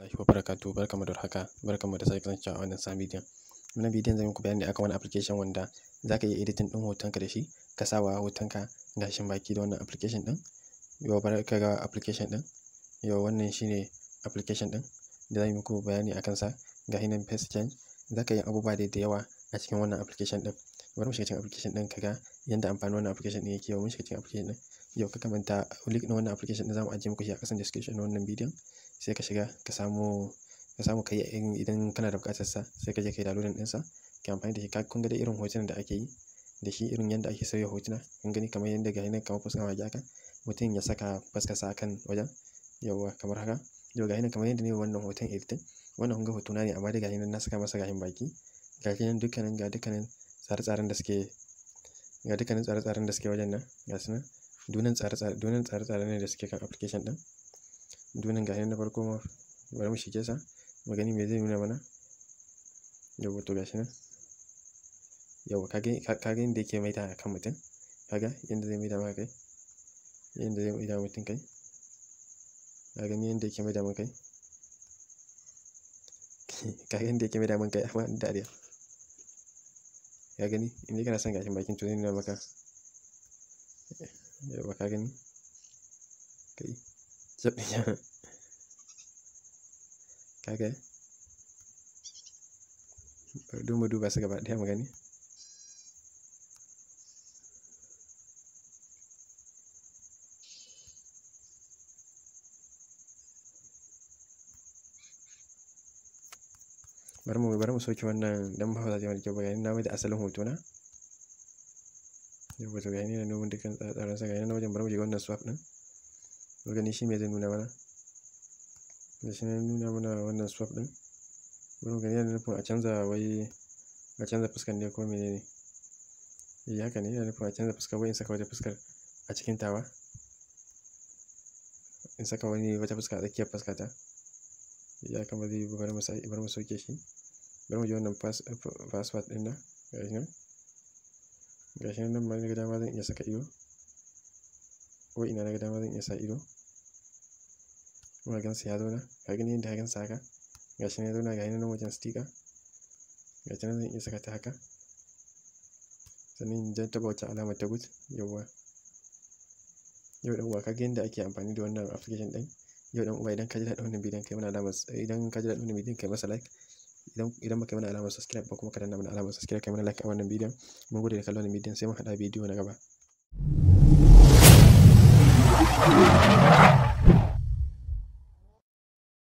warahmatullahi wabarakatuh barkamu da haka barkamu da sake kasancewa a wannan sabon bidiyon wannan bidiyon zan muku bayani akan wani application wanda zaka iya editing din hotonka da shi ka sawa hotonka gashin baki da wannan application din yau barka ga application din yau wannan shine application din da zan muku bayani akan sa ga hinan face change zaka yi abubuwa da yawa a cikin wannan application din bari mu shiga cikin application din kaga yanda amfanin wannan application din yake yau mun shiga cikin application din yau ka kamanta link na wannan application din zamu ajiye muku shi a kasan description na wannan bidiyon sai ka shiga ka samo ka samu ka yi idan kana da buƙatar sa sai ka je ka yi downloading sa ka amfani da shi ka kun ga irin hotunan da ake yi da shi irin yanda ake sauya hotuna kun gani kamar yanda ga nan kamar fuskar mage haka mutum ya saka fuskar sa akan wajen yawwa kamar haka yau ga nan kamar yadda ne wannan hoton editing wannan kun ga hotuna ne amma dai ga nan na saka masa gahin baki ga nan dukkanin ga dukkanin tsare-tsaren da suke ga dukkanin tsare-tsaren da suke wajen nan ga tsare-tsare dunan tsare-tsare ne da suke kan application ɗin Donin ga yanan na farko ma bari mu shige sa mu gani me zai nuna mana. Yauwa to gashi nan. Yauwa ka ga ka ga yanda yake maida akan mutum. Ka ga yanda zai maida maka kai. Yanda zai maida mutum kai. Ka gani yanda yake maida mun kai. Ka ga yanda yake maida mun kai amma dariya. Ka gani indai kana son gashin bakin to zai nuna maka. Yauwa ka gani? Kai. Kaga? Bari duk mu duba su gaba ɗaya mu gani. Bari mu bari mu soke wannan dan ba za ta yi kyau ba gani na mai da asalin hoto na. Yau wato gani na noman dukkan tsatsaransa gani na wajen bari mu je wannan swap ɗin. Mun gani shi me zai nuna mana? Gashi nan ya nuna mana wannan swap ɗin. Bari gani yana nufin a canza wai a canza fuskar ne ko mene ne? Eh haka ne yana nufin a canza fuska wai in saka wata fuskar a cikin tawa. In saka wani wata fuska a tsakiyar fuskata. Eh haka ba zai yi ba bari mu sake bari mu sauke shi. Bari mu ji wannan pass password ɗin nan gashi nan. Gashi nan nan ma in naga dama zan iya saka iyo. ko ina na ga dama zan iya sa ido kuma gansa ya zauna ka gani yadda ya sa haka gashi ya zauna ga nan wajen sticker ga nan zan iya saka ta haka sannan zan jan taba wacce alamar ta gud yawwa yau dan uwa ka ga yadda ake amfani da wannan application din yau dan uwa idan ka ji daɗin wannan bidiyon kai mana alamar idan ka ji daɗin wannan bidiyon kai masa like idan idan baka mana alamar subscribe ba kuma ka danna mana alamar subscribe kai mana like a wannan bidiyon mun gode da kallon wannan bidiyon sai mun haɗa bidiyo na gaba you